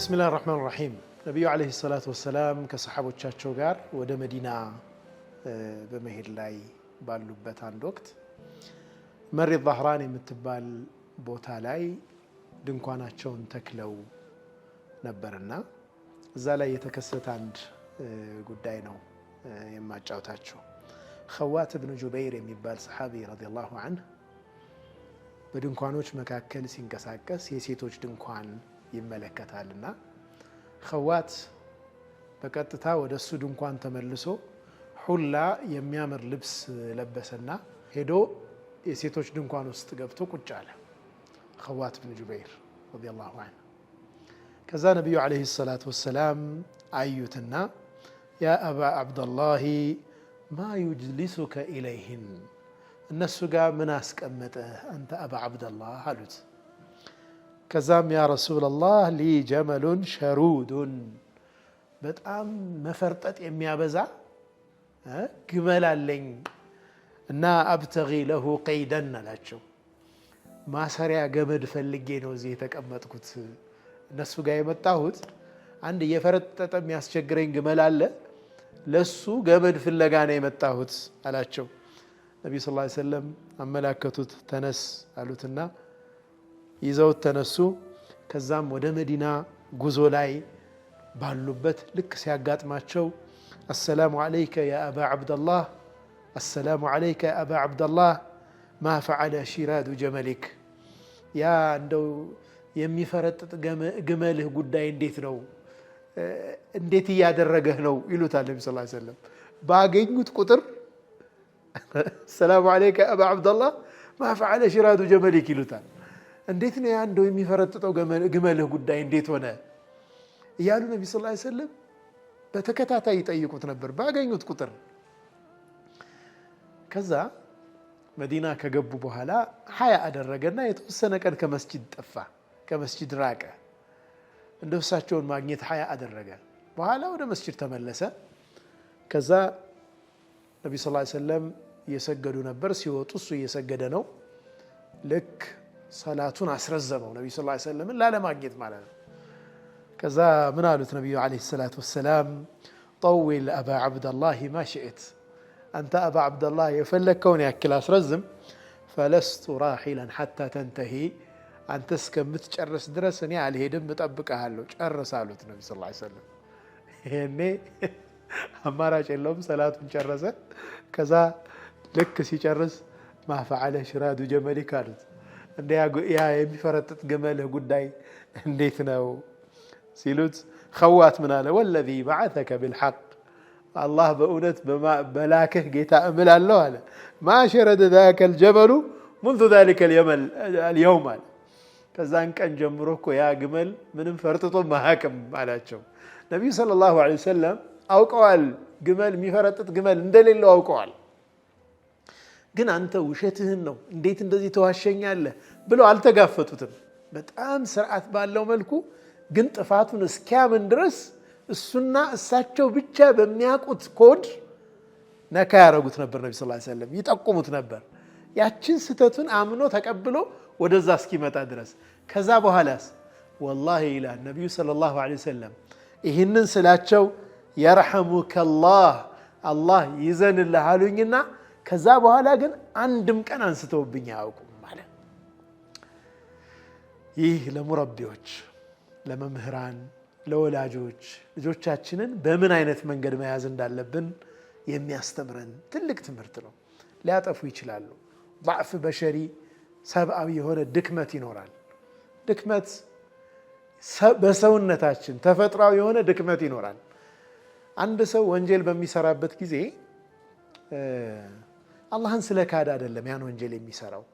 ብስሚላህ ራህማን ራሒም ነቢዩ ዓለይሂ ሰላት ወሰላም ከሰሓቦቻቸው ጋር ወደ መዲና በመሄድ ላይ ባሉበት አንድ ወቅት መሪ ዛህራን የምትባል ቦታ ላይ ድንኳናቸውን ተክለው ነበርና እዛ ላይ የተከሰተ አንድ ጉዳይ ነው የማጫውታቸው። ኸዋት ብኑ ጁበይር የሚባል ሰሓቢ ረዲየላሁ አንህ በድንኳኖች መካከል ሲንቀሳቀስ የሴቶች ድንኳን ይመለከታልና ኸዋት በቀጥታ ወደ እሱ ድንኳን ተመልሶ ሁላ የሚያምር ልብስ ለበሰና ሄዶ የሴቶች ድንኳን ውስጥ ገብቶ ቁጭ አለ። ኸዋት ብን ጁበይር ረዲየላሁ አንሁ። ከዛ ነቢዩ ዓለይሂ ሰላቱ ወሰላም አዩትና ያ አባ ዓብደላሂ ማ ዩጅሊሱከ ኢለይህን፣ እነሱ ጋር ምን አስቀመጠ አንተ አባ ዓብደላህ አሉት። ከዛም ያ ረሱላላህ ሊ ጀመሉን ሸሩዱን በጣም መፈርጠጥ የሚያበዛ ግመል አለኝ እና አብተጊ ለሁ ቀይደን አላቸው። ማሰሪያ ገመድ ፈልጌ ነው እዚህ የተቀመጥኩት እነሱ ጋር የመጣሁት። አንድ እየፈረጠጠ የሚያስቸግረኝ ግመል አለ፣ ለሱ ገመድ ፍለጋ ነው የመጣሁት አላቸው። ነቢዩ ሰለላሁ ዓለይሂ ወሰለም አመላከቱት። ተነስ አሉትና ይዘውት ተነሱ። ከዛም ወደ መዲና ጉዞ ላይ ባሉበት ልክ ሲያጋጥማቸው አሰላሙ ዓለይከ ያ አባ ዓብደላህ፣ አሰላሙ ዓለይከ ያ አባ ዓብደላህ ማ ፈዓለ ሺራዱ ጀመሊክ፣ ያ እንደው የሚፈረጥጥ ግመልህ ጉዳይ እንዴት ነው? እንዴት እያደረገህ ነው? ይሉታል ነቢ ስ ሰለም ባገኙት ቁጥር አሰላሙ ዓለይከ ያ አባ ዓብደላህ ማ ፈዓለ ሺራዱ ጀመሊክ ይሉታል። እንዴት ነው ያ እንደው የሚፈረጥጠው ግመልህ ጉዳይ እንዴት ሆነ እያሉ ነቢ ስ ሰለም በተከታታይ ይጠይቁት ነበር ባገኙት ቁጥር። ከዛ መዲና ከገቡ በኋላ ሀያ አደረገና የተወሰነ ቀን ከመስጅድ ጠፋ፣ ከመስጅድ ራቀ። እንደ እሳቸውን ማግኘት ሀያ አደረገ። በኋላ ወደ መስጅድ ተመለሰ። ከዛ ነቢ ስ ሰለም እየሰገዱ ነበር። ሲወጡ እሱ እየሰገደ ነው ልክ ሰላቱን አስረዘመው ነቢዩ ስ ሰለምን ላለማግኘት ማለት ነው። ከዛ ምን አሉት ነቢዩ ዓለይሂ ሰላቱ ወሰላም ጠዊል አባ ዓብደላህ ማሽእት አንተ አባ ዓብደላህ የፈለግከውን ያክል አስረዝም፣ ፈለስቱ ራሒላን ሓታ ተንተሂ አንተ እስከምትጨርስ ድረስ እኔ አልሄድም፣ እጠብቀሃለሁ ጨርስ አሉት ነቢ ስ ሰለም። ይሄኔ አማራጭ የለውም ሰላቱን ጨረሰ። ከዛ ልክ ሲጨርስ ማፈዓለ ሽራዱ ጀመሊክ አሉት ያ የሚፈረጥጥ ግመልህ ጉዳይ እንዴት ነው ሲሉት ኸዋት ምን አለ? ወለዚ በዓተከ ብልሐቅ አላህ በእውነት በላክህ ጌታ እምላለሁ አለ። ማሸረደ ዛከ ልጀበሉ ሙንዙ ዛሊከ ልየውም አለ። ከዛን ቀን ጀምሮ እኮ ያ ግመል ምንም ፈርጥጦ ማህቅም አላቸው። ነቢዩ ሰለላሁ ዐለይሂ ወሰለም አውቀዋል፣ ግመል የሚፈረጥጥ ግመል እንደሌለው አውቀዋል። ግን አንተ ውሸትህን ነው እንዴት እንደዚህ ተዋሸኛለህ ብለው አልተጋፈጡትም። በጣም ስርዓት ባለው መልኩ ግን ጥፋቱን እስኪያምን ድረስ እሱና እሳቸው ብቻ በሚያውቁት ኮድ ነካ ያደረጉት ነበር። ነቢ ስ ሰለም ይጠቁሙት ነበር። ያችን ስህተቱን አምኖ ተቀብሎ ወደዛ እስኪመጣ ድረስ ከዛ በኋላስ ወላሂ ይላል ነቢዩ ሰለላሁ ዐለይሂ ወሰለም ይህንን ስላቸው የርሐሙከላህ አላህ ይዘንልህ አሉኝና ከዛ በኋላ ግን አንድም ቀን አንስተውብኝ አያውቁም አለ። ይህ ለሙረቢዎች፣ ለመምህራን፣ ለወላጆች ልጆቻችንን በምን አይነት መንገድ መያዝ እንዳለብን የሚያስተምረን ትልቅ ትምህርት ነው። ሊያጠፉ ይችላሉ። ضعፍ በሸሪ ሰብአዊ የሆነ ድክመት ይኖራል። ድክመት በሰውነታችን ተፈጥሯዊ የሆነ ድክመት ይኖራል። አንድ ሰው ወንጀል በሚሰራበት ጊዜ አላህን ስለ ካድ አይደለም ያን ወንጀል የሚሰራው።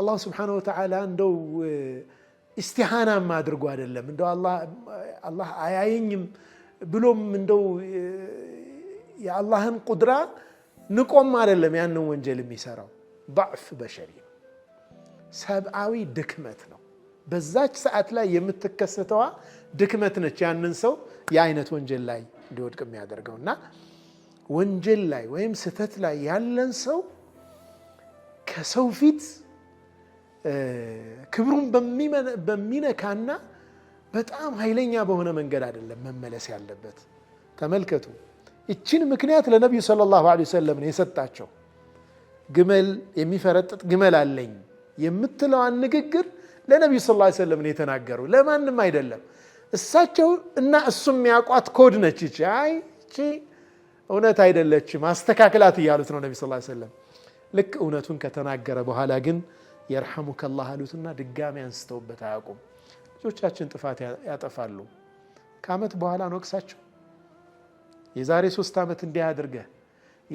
አላሁ ስብሓነሁ ወተዓላ እንደው እስቲሃናም አድርጎ አይደለም እንደው አላህ አያየኝም ብሎም እንደው የአላህን ቁድራ ንቆም አይደለም ያንን ወንጀል የሚሰራው። ضعፍ በሸሪ ነው፣ ሰብአዊ ድክመት ነው። በዛች ሰዓት ላይ የምትከሰተዋ ድክመት ነች ያንን ሰው የአይነት ወንጀል ላይ እንዲወድቅ የሚያደርገው እና ወንጀል ላይ ወይም ስህተት ላይ ያለን ሰው ከሰው ፊት ክብሩን በሚነካና በጣም ኃይለኛ በሆነ መንገድ አይደለም መመለስ ያለበት። ተመልከቱ፣ እችን ምክንያት ለነቢዩ ሰለላሁ ዐለይሂ ወሰለም ነው የሰጣቸው። ግመል የሚፈረጥጥ ግመል አለኝ የምትለዋን ንግግር ለነቢዩ ሰለላሁ ዐለይሂ ወሰለም ነው የተናገሩ፣ ለማንም አይደለም። እሳቸው እና እሱ የሚያውቋት ኮድ ነች ይቺ እውነት አይደለችም አስተካክላት እያሉት ነው ነቢ ስ ሰለም። ልክ እውነቱን ከተናገረ በኋላ ግን ከላ አሉትና ድጋሚ አንስተውበት አያውቁም። ልጆቻችን ጥፋት ያጠፋሉ። ከአመት በኋላ እንወቅሳቸው። የዛሬ ሶስት ዓመት እንዲህ አድርገህ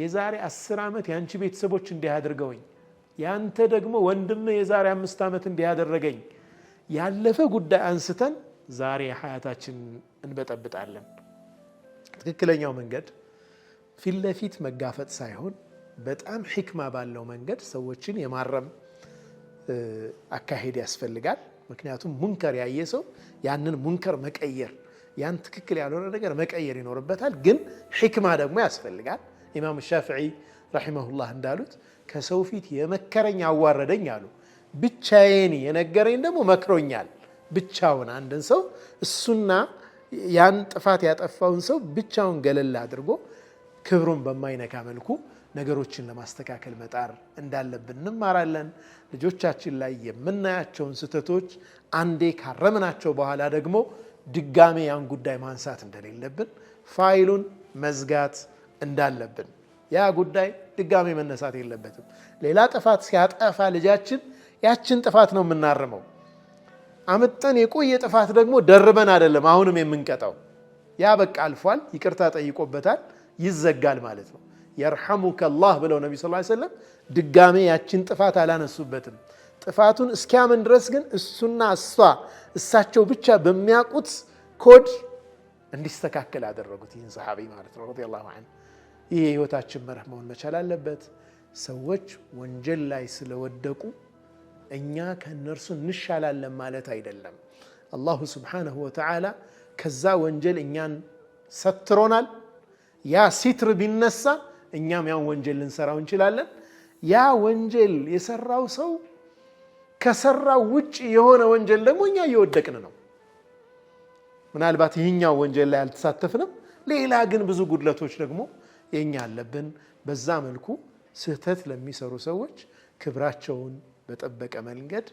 የዛሬ አስር ዓመት የአንቺ ቤተሰቦች እንዲህ አድርገውኝ ያንተ ደግሞ ወንድም የዛሬ አምስት ዓመት እንዲህ አደረገኝ ያለፈ ጉዳይ አንስተን ዛሬ ሀያታችን እንበጠብጣለን። ትክክለኛው መንገድ ፊት ለፊት መጋፈጥ ሳይሆን በጣም ሂክማ ባለው መንገድ ሰዎችን የማረም አካሄድ ያስፈልጋል። ምክንያቱም ሙንከር ያየ ሰው ያንን ሙንከር መቀየር ያን ትክክል ያልሆነ ነገር መቀየር ይኖርበታል። ግን ሂክማ ደግሞ ያስፈልጋል። ኢማም ሻፍዒ ረሂመሁላህ እንዳሉት ከሰው ፊት የመከረኝ አዋረደኝ አሉ። ብቻዬን የነገረኝ ደግሞ መክሮኛል። ብቻውን አንድን ሰው እሱና ያን ጥፋት ያጠፋውን ሰው ብቻውን ገለል አድርጎ ክብሩን በማይነካ መልኩ ነገሮችን ለማስተካከል መጣር እንዳለብን እንማራለን። ልጆቻችን ላይ የምናያቸውን ስህተቶች አንዴ ካረምናቸው በኋላ ደግሞ ድጋሜ ያን ጉዳይ ማንሳት እንደሌለብን፣ ፋይሉን መዝጋት እንዳለብን፣ ያ ጉዳይ ድጋሜ መነሳት የለበትም። ሌላ ጥፋት ሲያጠፋ ልጃችን ያችን ጥፋት ነው የምናርመው። አምጠን የቆየ ጥፋት ደግሞ ደርበን አይደለም አሁንም የምንቀጣው። ያ በቃ አልፏል፣ ይቅርታ ጠይቆበታል ይዘጋል ማለት ነው። የርሐሙከ ላህ ብለው ነቢ ስ ሰለም ድጋሜ ያችን ጥፋት አላነሱበትም። ጥፋቱን እስኪያምን ድረስ ግን እሱና እሷ እሳቸው ብቻ በሚያውቁት ኮድ እንዲስተካከል አደረጉት። ይህን ሰሓቢ ማለት ነው ረዲየላሁ ዐንሁ። ይህ የህይወታችን መርህ መሆን መቻል አለበት። ሰዎች ወንጀል ላይ ስለወደቁ እኛ ከእነርሱ እንሻላለን ማለት አይደለም። አላሁ ስብሓነሁ ወተዓላ ከዛ ወንጀል እኛን ሰትሮናል። ያ ሲትር ቢነሳ እኛም ያን ወንጀል ልንሰራው እንችላለን። ያ ወንጀል የሰራው ሰው ከሰራው ውጭ የሆነ ወንጀል ደግሞ እኛ እየወደቅን ነው። ምናልባት ይህኛው ወንጀል ላይ አልተሳተፍንም፣ ሌላ ግን ብዙ ጉድለቶች ደግሞ የኛ አለብን። በዛ መልኩ ስህተት ለሚሰሩ ሰዎች ክብራቸውን በጠበቀ መንገድ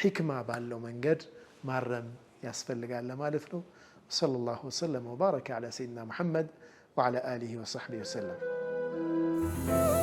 ሕክማ ባለው መንገድ ማረም ያስፈልጋል ማለት ነው። ሰለላሁ ወሰለም ወባረከ ዐላ ሰይድና ሙሐመድ وعلى آله وصحبه وسلم